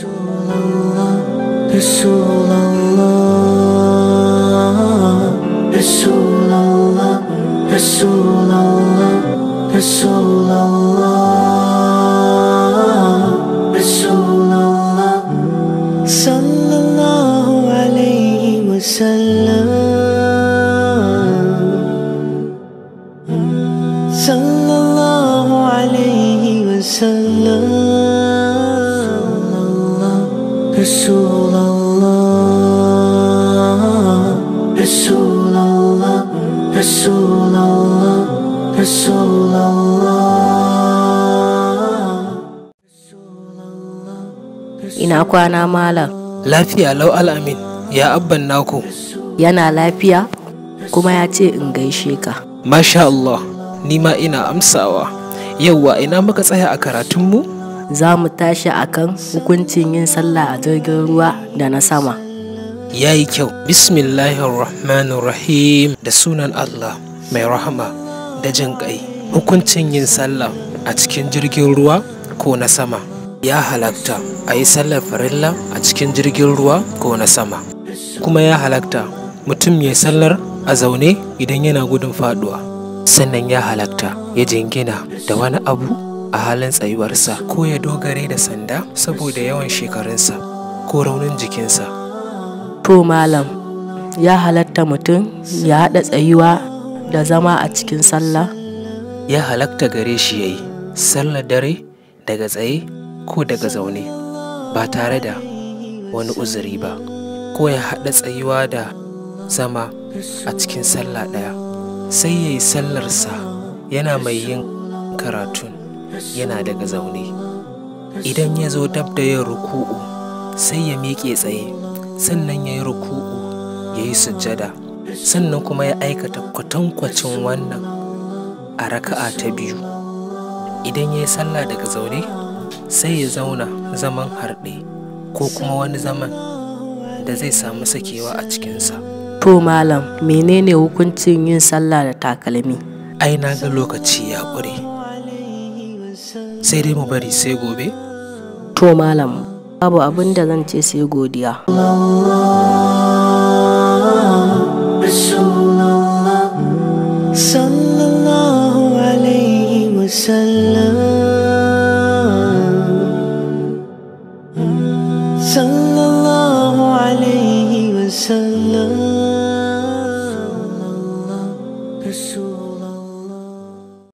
رسول الله رسول الله رسول الله رسول الله رسول الله رسول الله صلى الله عليه وسلم صلى الله عليه وسلم Ina kwana malam Lafiya lau al'amin ya abban naku Yana lafiya kuma ya ce in gaishe ka Masha Allah ni ma ina amsawa yauwa ina muka tsaya a karatunmu? za mu tashi a kan hukuncin yin sallah a jirgin ruwa da na sama ya yi kyau bismillahirrahmanirrahim da sunan allah mai rahama da jin ƙai hukuncin yin sallah a cikin jirgin ruwa ko na sama ya halatta a yi sallar farilla a cikin jirgin ruwa ko na sama kuma ya halatta mutum ya sallar a zaune idan yana gudun faduwa sannan ya halatta ya jingina da wani abu a halin tsayuwarsa ko ya dogare da sanda saboda yawan shekarunsa ko raunin jikinsa. To malam ya halatta mutum ya haɗa tsayuwa da zama a cikin sallah? Ya halatta gare shi ya yi sallar dare daga tsaye ko daga zaune ba tare da wani uzuri ba ko ya haɗa tsayuwa da zama a cikin sallah ɗaya sai ya yi sallarsa yana mai yin karatun yana daga zaune idan ya zo dab da yin ruku'u sai ya miƙe tsaye sannan ya yi ruku'u ya yi sujjada sannan kuma ya aikata kwatankwacin wannan a raka'a ta biyu idan ya yi sallah daga zaune sai ya zauna zaman harɗe ko kuma wani zaman da zai samu sakewa a cikinsa to malam menene hukuncin yin sallah da takalmi ai na ga lokaci ya ƙure sai dai mu bari sai gobe to malam babu abin da zan ce sai godiya sallallahu alaihi wasallam Sallallahu alaihi wasallam